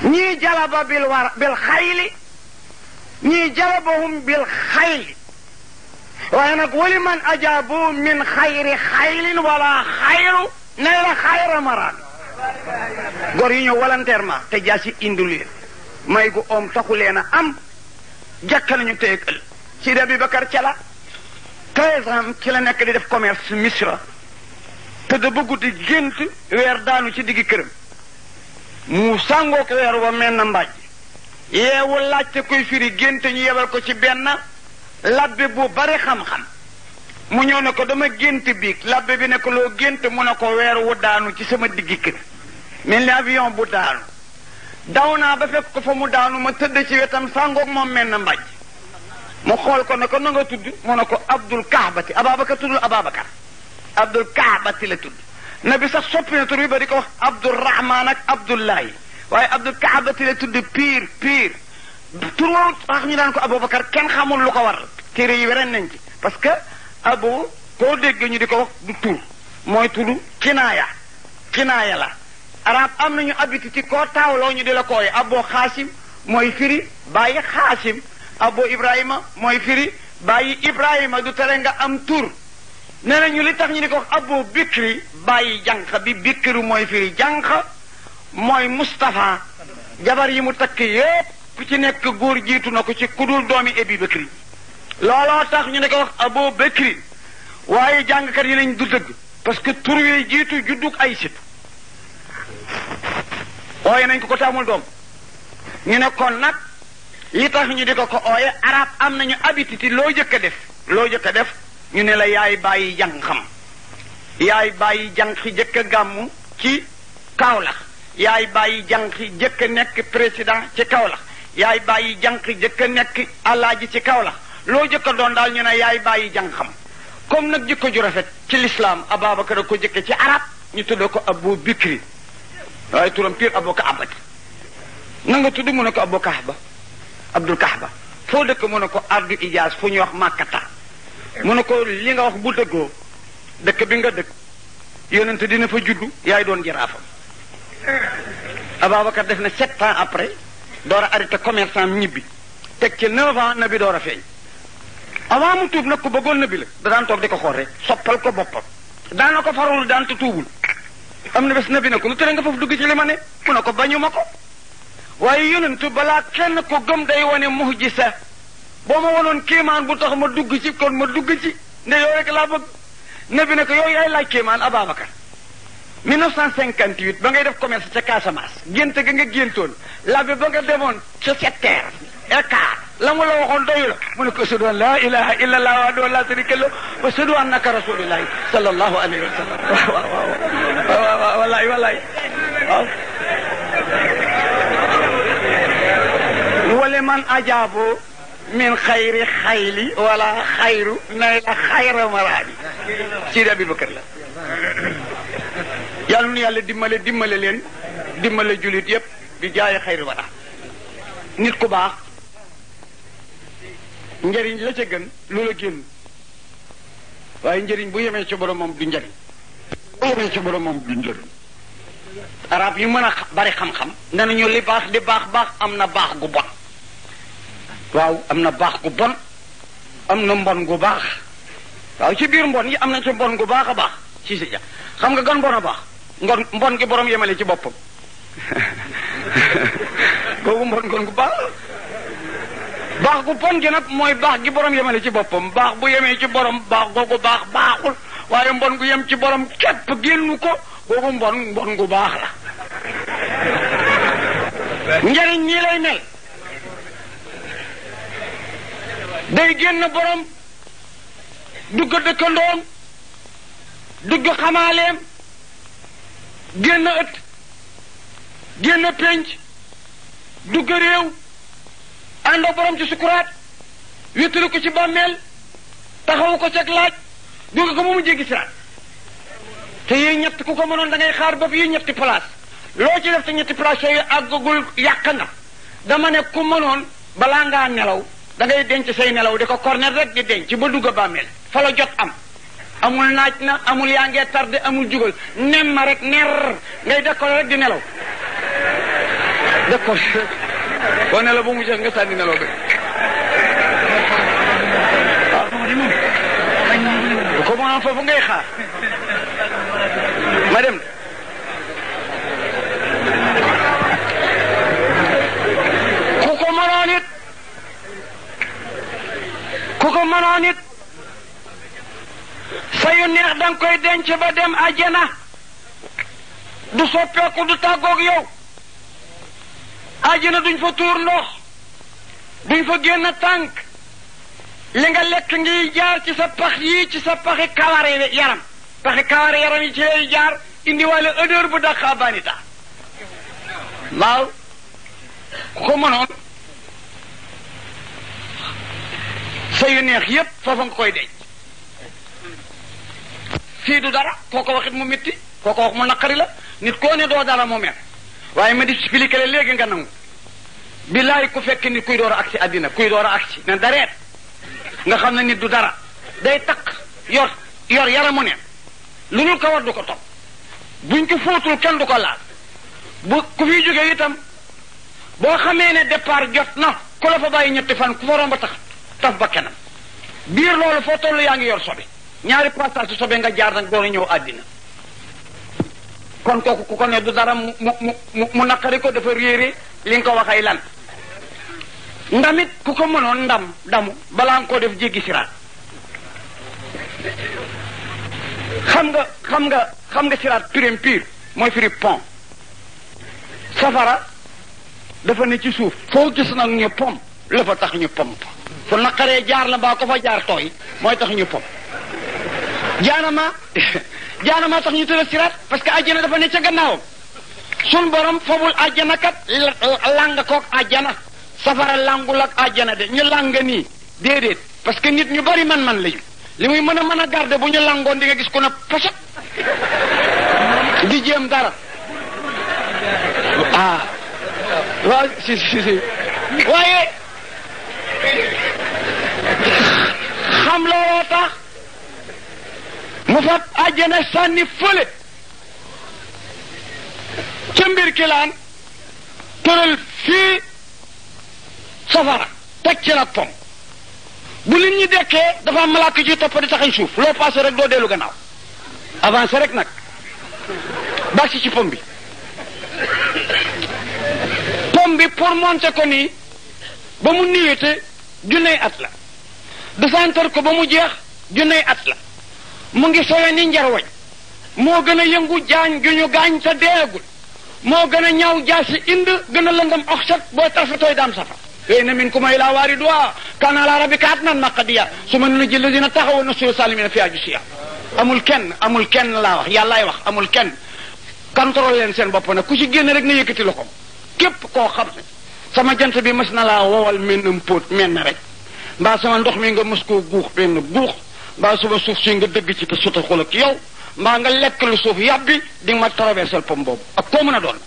ñii jalaba bil war bil xayli ñii jalabahum bil xayli nag wali man ajaabu min xayri xaylin wala xayru ne la xayra maraan góor yu ñëw volontairement te jaasi indi may gu oom taxu leen a am jàkka nañu teegal Sidi Abubakar Cala quinze ans ci la nekk di def commerce misra te da bëgguti gént weer daanu ci digg këram mu sàngoo ko weer wa mel na mbàjj yeewu laajte koy firi gént ñu yebal ko ci benn labbe bu bare xam-xam mu ñëw ne ko dama gént biig labbe bi ne ko loo gént mu ne ko weer wu daanu ci sama digg kër mel ni avion bu daanu daw naa ba fekk ko fa mu daanu ma tëdd ci wetam sàngook moom mel na mbàjj moo xool ko ne ko na nga tudd mu ne ko Abdul Kaabati Ababacar tuddul Ababacar Abdul Kaabati la tudd nabi sax soppi na tur bi ba di ko wax Abdul Rahman ak Abdullahi waaye Abdul Kaabati la tudd pire pire tur woowu sax ñu daan ko Aboubacar kenn xamul lu ko war téere yi weren nañ ci parce que abou koo dégg ñu di ko wax tur mooy tudd kinaaya kinaaya la arab am nañu habitude ci koo taawloo ñu di la kooye aboo xaasim mooy firi bàyyi xaasim abu ibrahima mooy firi bàyyi ibrahima du tere nga am tur nee nañu li tax ñu ne ko wax abu bikri bàyyi jànq bi bikiru mooy firi jànq mooy Moustapha jabar yi mu takk yépp ci nekk góor jiitu na ko ci kudul doomi abi bikri looloo tax ñu ne ko wax abu bikri waaye jàngkat yi nañ du dëgg parce que tur yooyu jiitu juddu ay sit waaye nañ ko ko taamul doom ñu ne kon nag li tax ñu di ko ko ooye arab am nañu habitude loo jëkk a def loo jëkk a def ñu ne la yaay bàyyi jàng xam yaay bàyyi jàng xi jëkk gàmmu ci Kaolack yaay bàyyi jàng xi jëkk a nekk président ci Kaolack yaay bàyyi jàng xi jëkk a nekk alaaji ci Kaolack loo jëkk doon daal ñu ne yaay bàyyi jàng xam comme nag jëkk ju rafet ci lislaam Ababacar a ko jëkke ci arab ñu tuddee ko Abu Bikri waaye turam piir Abu Kaaba na nga tudd mu ne ko Abu Kaaba abdul kahba foo dëkk mu ne ko ardu ijaas fu ñuy wax màkkata mu ne ko li nga wax bu dëggoo dëkk bi nga dëkk yonent dina fa juddu yaay doon jaraafam Ababacar def na sept ans après door a arrêté commerçant ñibbi teg ci neuf ans nabi door a feeñ avant mu tuub nag ku bëggoon nabi la da daan toog di ko xool rek soppal ko boppam daana ko farul daan te tuubul am na bés nabi ne ko lu tere nga foofu dugg ci li ma ne mu ne ko bañu ma ko waaye yonentu balaa kenn ku gëm day wane muhjisa boo ma wanoon kéemaan bu tax ma dugg ci kon ma dugg ci nde yow rek laa bëgg nabi ne ko yow yaay laaj kéemaan Ababacar ba ngay def commerce ca Casamance gént gi nga géntoon labbe ba nga demoon ca secteur écart la mu la waxoon doyu la mu ne ko ashadu an laa ilaha illa allah wahdahu la sharika lahu wa ashadu annaka rasulillahi sallallahu alayhi wa sallam waaw waaw waaw waaw wallaay wallaay waaw liman ajaabo min xayri xayli wala xayru nay la xayra maraabi Sidi Abubakar la yàlla nu yàlla dimbale dimbale leen dimbale julit yépp di jaaye xayri wara nit ku baax njëriñ la ca gën loola génn waaye njëriñ bu yemee ci boromam du njëriñ bu yemee ci boromam du njëriñ arab yu mën a bari xam-xam danañu li baax li baax baax am na baax gu baax waaw am na baax ku bon am na mbon gu baax waaw ci biir mbon yi am na ci mbon gu baax a baax ci si ja xam nga gan bon a baax ngon mbon gi borom yemale ci boppam kooku mbon gon gu baax baax bon gi nag mooy baax gi borom yemale ci boppam baax bu yemee ci borom baax googu baax baaxul waaye mbon gu yem ci borom képp génnu ko googu mbon bon gu baax la njëriñ ñi lay mel day génn borom dugg dëkkandoom dugg xamaaleem génn ëtt génn pénc dugg réew àndoo borom ci sukuraat wéttalu ko ci bàmmeel taxawu ko ceg laaj dugg ko moomu jéggi siraat te yooyu ñett ku ko mënoon dangay xaar ba fi ñetti place loo ci def te ñetti place yooyu àggagul yàq nga dama ne ku mënoon balaa ngaa nelaw da ngay denc say nelaw di ko cornet rek di ci ba dugg a bàmmeel fa la jot am amul naaj na amul yaa tar tardé amul jugal nem ma rek ner ngay décorer rek di nelaw décor boo nelaw ba mu jeex nga sànni nelaw bi ko moom foofu ngay xaar ma dem danga koy denc ba dem ajjana du soppeeku du tàggoog yow ajjana duñ fa tuur ndox duñ fa génn tànk li nga lekk ngiy jaar ci sa pax yii ci sa paxi kawari yaram paxi kawari yaram yi ci lay jaar indiwaale odeur bu dàqa banita waaw ku ko mënoon sa yu neex yépp foofa nga koy denc kii du dara koo ko waxit mu métti koo ko wax mu naqari la nit koo ne doo dara moo mer waaye ma di expliqué léegi nga nangu billaay ku fekk nit kuy door a àddina kuy door a agsi ne dareet nga xam ne nit du dara day takk yor yor yaramu neen lu dul kawar du ko topp buñ ko fóotul kenn du ko laal bu ku fiy jógee itam boo xamee ne départ jot na ku la fa bàyyi ñetti fan ku fa romb tax taf ba kenam biir loolu foo toll yaa ngi yor sobi ñaari passage su sobe nga jaar nag doon ñëw àddina kon kooku ku ko ne du dara mu mu mu mu naqari ko dafa réere li nga ko wax ay lan ndamit ku ko mënoon ndam damu balaa nga koo def jéggi siraat xam nga xam nga xam nga siraat purem pur mooy firi pont safara dafa ne ci suuf foo gis nag ñu pom la fa tax ñu pomp fu naqaree jaar la mbaa ko fa jaar tooy mooy tax ñu pomp jaanama jaanama tax ñu tëral siraat parce que àjjana dafa ne ca gannaawam sun borom fobul àjjana kat làng kook àjjana safara làngul ak àjjana de ñu làng nii déedéet parce que nit ñu bari man-man lañu li muy mën a mën a garde bu ñu langoon di nga gis ku ne poset di jéem dara ah. waaye xam looloo tax mu fab àjjana sànni fële ca mbir kilaan tëral fii safara teg ci nag pom bu nit ñi dekkee dafa am malaaka ci topp di taxañ suuf loo passé rek doo dellu gannaaw avancé rek nag baax si ci pom bi pom bi pour monter ko nii ba mu niwete junney at la desantar ko ba mu jeex junney at la mu ngi sowe ni njarwañ moo gën a yëngu jaañ gi ñu gaañ sa deegul moo gën a ñaaw jaasi ind gën a lëndam oxsat boo tarfatooy daam safa yooyu na min ku may laa waari duwa kana ala rabbika atman maqadiya su ma nu ji lazina taxawa nasiru salimina fi aju ajsiya amul kenn amul kenn laa wax yàllaay wax amul kenn contrôle leen seen bopp nag ku ci génn rek na yëkkati loxoom képp koo xam sama jant bi mës na laa wowal mennam póot menn rek mbaa ndox mi nga mës koo guux benn guux mbaa suba suuf si nga dëgg ci te suta yow mbaa nga lekk lu suuf yàbbi di nga ma traversel pom boobu ak koo mën a doon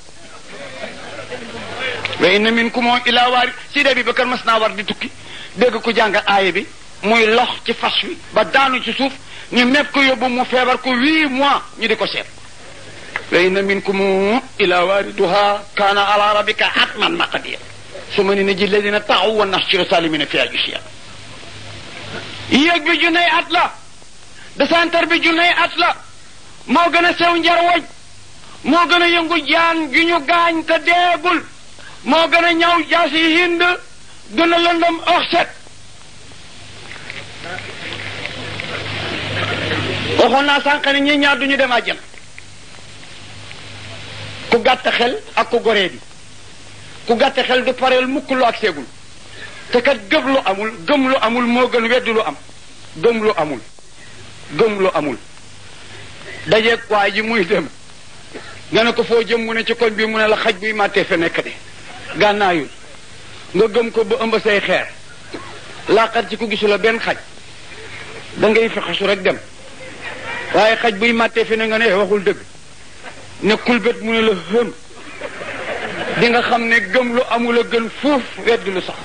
wa inna minkum ilaa waari si dee bi bakar mas naa war di tukki dégg ku jàng aaya bi muy lox ci fas wi ba daanu ci suuf ñu mépp ko yóbbu mu feebar ko huit mois ñu di ko seet wa inna minkum ilaa waariduha kaana ala rabbika atman maqadiya su ma ne ne ji ladina taaw wa nahshuru salimina fiha jusiyya yéeg bi junney at la desantar bi junney at la moo gën a sew njarwoj moo gën a yëngu jaan gi ñu gaañ te deegul moo gën a ñaw jaas yi hind gën a lëndëm oxset waxoon naa sànq ne ñi ñaar duñu dem àjjana ku gàtt xel ak ku goree bi ku gàtt xel du pareel mukk lu ak seegul te kat gëm lu amul gëm lu amul moo gën weddi lu am gëm lu amul gëm lu amul dajeeg waa ji muy dem nga ne ko foo jëm mu ne ci koñ bi mu ne la xaj buy màttee fa nekk de gànnaayul nga gëm ko ba ëmb say xeer laaxar ci ku gisula benn xaj da ngay fexesu rek dem waaye xaj buy màttee fi ne nga ne waxul dëgg ne kulbét mu ne la hëm di xam ne gëm lu amul a gën fuuf weddi lu sax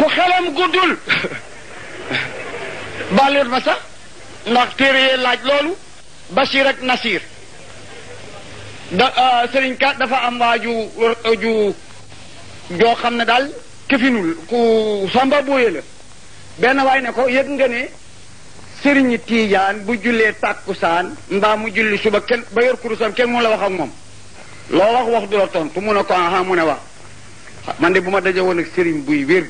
ku xelam guddul baalut ma sax ndax téere yee laaj loolu Bachir ak Nasir da euh, sëriñ ka dafa am waa ju ju xam ne daal këfinul ku samba booye la waay ne ko yëg nga sëriñi tiijaan bu jullee tàkkusaan mbaa mu julli suba kenn ba yor kurusam kenn mu la wax ak moom loo wax wax du la tontu mu ne ko aha mu ne wax de bu ma daje woon sëriñ buy wér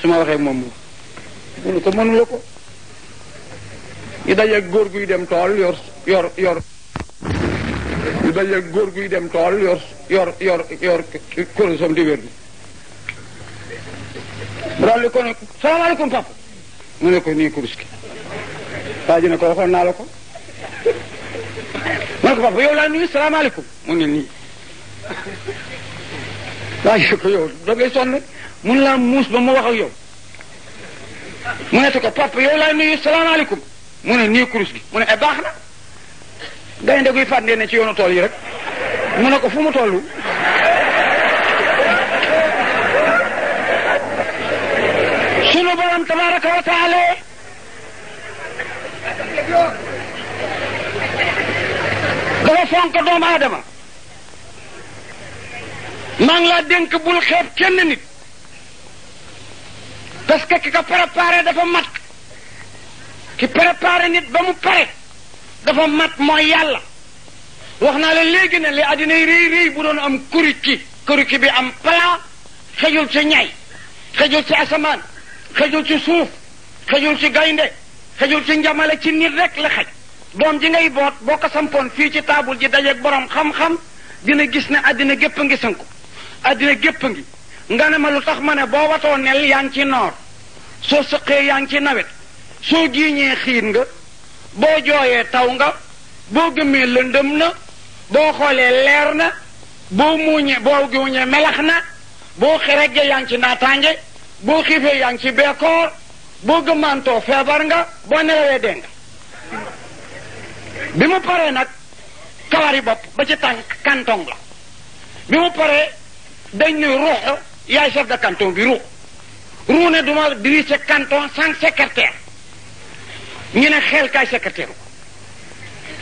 su ma waxee moom mu ne ko mënu la ko daje góor guy dem tool yor yor yor góor guy dem tool yor yor yor yor kurusam di wér mu daal di ko ne salaamaaleykum ko nii kurus ki waa ji ne ko waxoon naa la ko mu ne ko papa yow laa nuyu salaamaaleykum mu ne nii waa ji ko yow da ngay sonn mun laa muus ba ma wax ak yow mu ne ko papa yow laa nuyu salaamaaleykum mu ne nii kurus gi mu ne e baax na gaynde guy fàttee ne ci yoonu tool yi rek mu ne ko fu mu toll sunu borom tabaraka wa dafa fonk doomu aadama maa ngi laa dénk bul xeeb kenn nit parce que ki ko préparé dafa mat ki préparé nit ba mu pare dafa mat mooy yàlla wax naa la léegi ne li àddina yi réy réy bu doon am kuriki kuriki bi am plat xëjul ci ñay xëjul ci asamaan xëjul ci suuf xëjul ci gaynde xejul ci njamale ci nit rek la xej doom ji ngay boot boo kasampoon fii ci taabul ji dajeeg boroom xam-xam dina gis ne àddina gépp ngi sënku àddina gépp ngi nga ne ma lu tax ma ne boo watoo nel yaa ngi ci noor soo sëqee yaa ngi ci nawet soo jiiñee xiin nga boo jooyee taw nga boo gëmee lëndëm na boo xoolee leer na boo muuñee boo giwuñee melax na boo xeregee yaa ci naataange boo xiifee yaa ngi ci beekoor boo gëmmantoo feebar nga boo nelawee dee bi mu paree nag kawari bopp ba ci tànk canton la bi mu paree dañ ne ruux yaay chef de canton bi ruux ruux ne duma diriger canton sans secrétaire ñu ne xel kaay secrétaire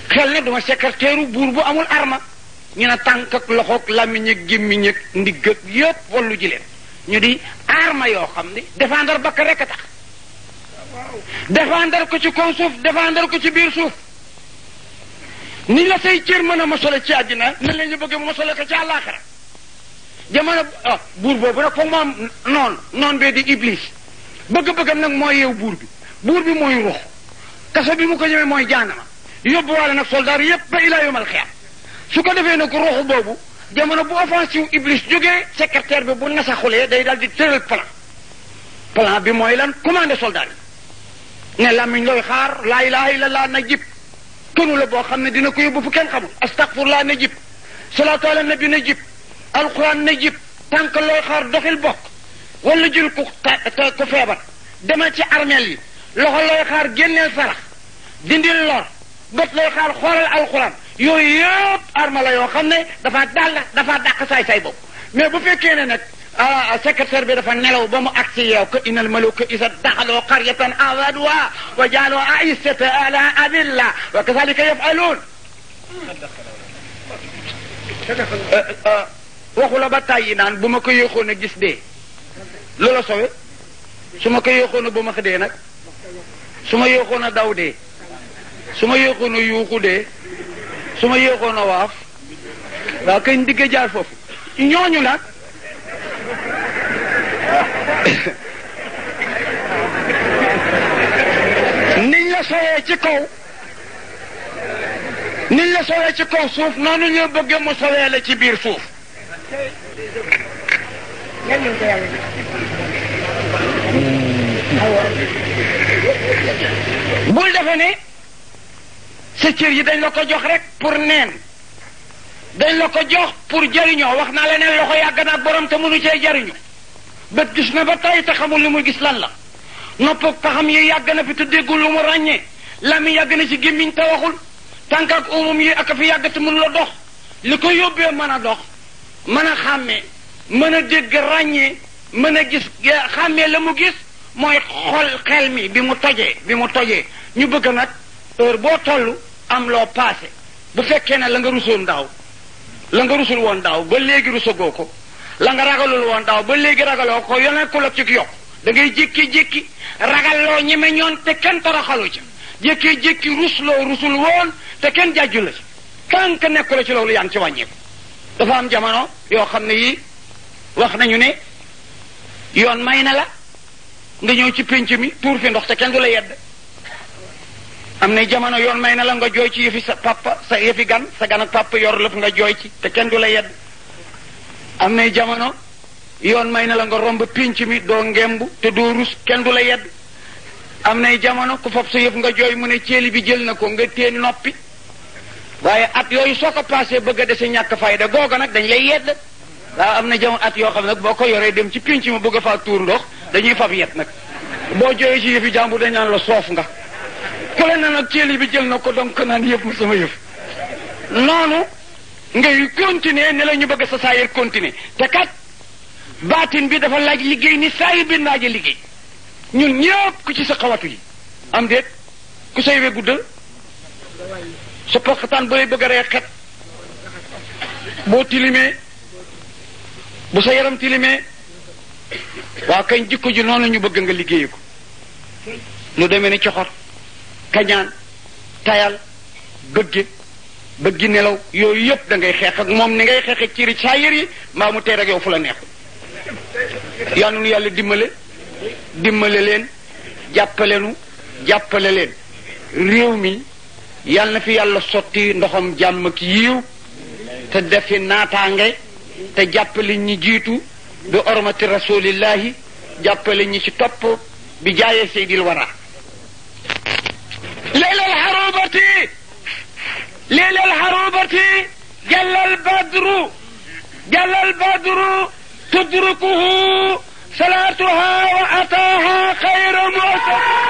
xel ne duma secrétaire buur bu amul arma ñu ne tànk ak loxo ak làmmiñ ak gémmiñ ak ndigg ak yépp wallu ji ñu di arma yoo xam ni défendre bakk rekk tax défendre ko ci kaw suuf défendre ko ci biir suuf ni la say cër mën a mosole ci àddina na la ñu bëgg mosole ko ci àllaaxira jamono ah buur boobu nag foog moom noonu noonu bee di iblis bëgg-bëggam nag mooy yeew buur bi bi mooy ruux kaso bi mu ko ñëwee mooy jaanama yóbbuwaale nag soldaar yépp ba ilaa yomal xeer su ko defee nag ruuxu boobu jamono bu offensive iblis jógee secrétaire bi bu nasaxulee day daal di tëral plan plan bi mooy lan commandé soldat yi ne làmmiñ looy xaar laa ilaha illallah na jib kënu la boo xam ne dina ko yóbbu fu kenn xamul astaghfirullah na jib salaatu ala nabi na jib alquran na jib tànk looy xaar doxil bokk wala jël ko ku feebar demal ci armeel yi loxo looy xaar génneel sarax dindil lor bët looy xaar xoolal alquran yooyu yëpp arma la yoo xam ne dafa dàll dafa dàq saay-saay boobu mais bu fekkee ne nag Ah, ah secrétaire bi dafa nelaw ba mu àgg si yow ka innal maluka isa daxaloo qaryatan awaduha wa jaaloo aisata ala adilla wa kazalika yafaluun eh, eh, waxu la ba tàyyi bu ma ko yéexoon a gis dee loola sowe su ma ko yéexoon a ba ma ko nag su ma yéexoon a daw dee su ma yéexoon a yuuxu dee su ma yéexoon a waaf waaw kañ digg jaar foofu ñooñu nag niñ la soyee ci kaw niñ la soyee ci kaw suuf noonu ñoo bëggee mu soyee la ci biir suuf hmm. bul defe ne sa cër yi dañ la ko jox rek pour neen dañ la ko jox pour jariñoo wax naa la ne loxo yàgg na ak borom te mënu cee jariñu bët gis na ba tey te xamul li muy gis lan la noppoog taxam yi yàgg na fi te déggul lu mu ràññee lam yi yàgg na ci gémmiñ te waxul tànk ak umum yi ak fi yàgg te mënu la dox li ko yóbbee mën a dox mën a xàmmee mën a dégg ràññee mën a gis xàmmee la mu gis mooy xol xel mi bi mu tojee bi mu tojee ñu bëgg nag heure boo toll am loo paase bu fekkee ne la nga rusoon daaw la nga rusul woon daaw ba léegi rusagoo ko la nga ragalul woon daaw ba léegi ragaloo ko yonekkul ak ci yokk da ngay jékki-jékki ragalloo ñeme ñoon te kenn taraxalu ca jékki-jékki rusloo rusul woon te kenn jàjju la ci tànk nekku la ci loolu yaan ci wàññeeku dafa am jamono yoo xam ne yi wax nañu ne yoon may na la nga ñëw ci pénc mi tuur fi ndox te kenn du la yedd am na jamono yoon may na la nga jooy ci yëfi sa papa sa yëfi gan sa gan ak papa yor lëf nga jooy ci te kenn du la yedd am nay jamono yoon may na la nga romb pinc mi doo ngemb te doo rus kenn du la yedd am nay jamono ku fab sa yëf nga jooy mu ne ceeli bi jël na ko nga téye noppi waaye at yooyu soo ko paasee bëgg a dese ñàkk fayda googa nag dañ lay yedd waaw am na jamono at yoo xam nag boo ko yoree dem ci pinc mi bëgg a faa tuur ndox dañuy fab yet nag boo jooyee ci yëfi jàmbur dañ la soof nga ku la nag ceeli bi jël na ko donc naan yëpp sama yëf noonu ngay continuer ne la ñu bëgg sa saayir continuer te kat baatin bi dafa laaj liggéey ni saayir bi laaja liggéey ñun ñëpp ku ci sa xawatu yi am déet ku say we guddal sa bu sa yaram tilimee waaw kañ jikko ji noonu ñu bëgg nga liggéey ko lu demee ni coxor kañaan tayal bëgge bëggi nelaw yooyu yëpp da ngay xeex ak moom ni ngay xeexe ciri saayir yi mbaa mu teer ak yow fu la neexul yàlla dimbale dimbale leen jàppalenu jàppale leen réew mi yal fi yàlla sotti ndoxam jàmm ak yiiw te def defi naataange te jàppale ñi jiitu bi ormati rasulillahi jàppale ñi ci topp bi jaayee seydil wara ليلة الحروبة جل البدر جل البدر تدركه صلاتها وأتاها خير مرسل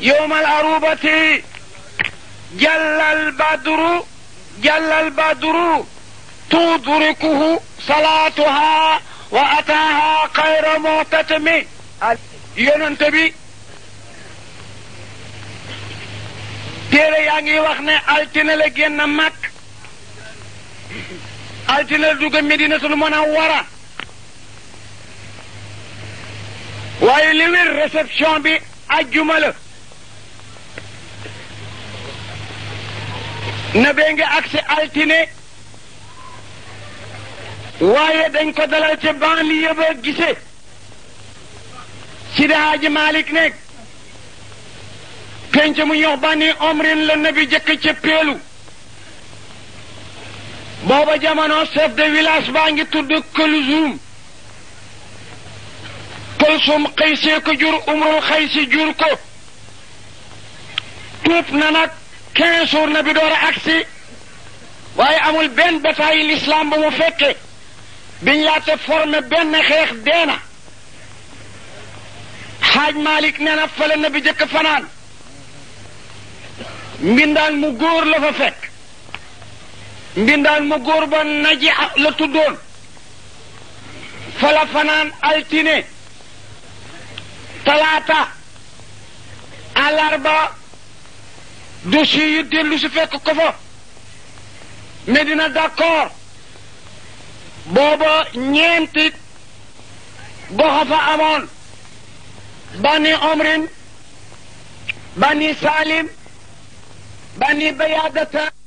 يوم العروبة جل البدر جل البدر تدركه صلاتها وأتاها غير معتتم yonent bi téere yaa ngi wax ne altine la génn mag altine la dugg Medinatul Munawwara waaye li wér bi ajjuma la na bee ngi agsi altine waaye dañ ko dalal ca banlieue ba gise Sidi Haaji Malick nekk penc mu ñox bànni omrin la nabi jëkk ca peelu booba jamono chef de village baa ngi tudd Këlzoum Këlsum xëysee ko jur umrul xëysi jur ko tuub na nag quinze jours na bi door a agsi waaye amul benn bétail l'islam bu mu fekke biñ laate formé benn xeex deena xaaj Malik nee na na bi jëkk fanaan mbindaan mu góor la fa fekk mbindaan mu góor ba naji la tuddoon fala fanaan altine talaata alarba dossier yi dellu si fekk ko fa Medina d'accord booba ñeenti goxa fa bani omrin bani salim bani bayadata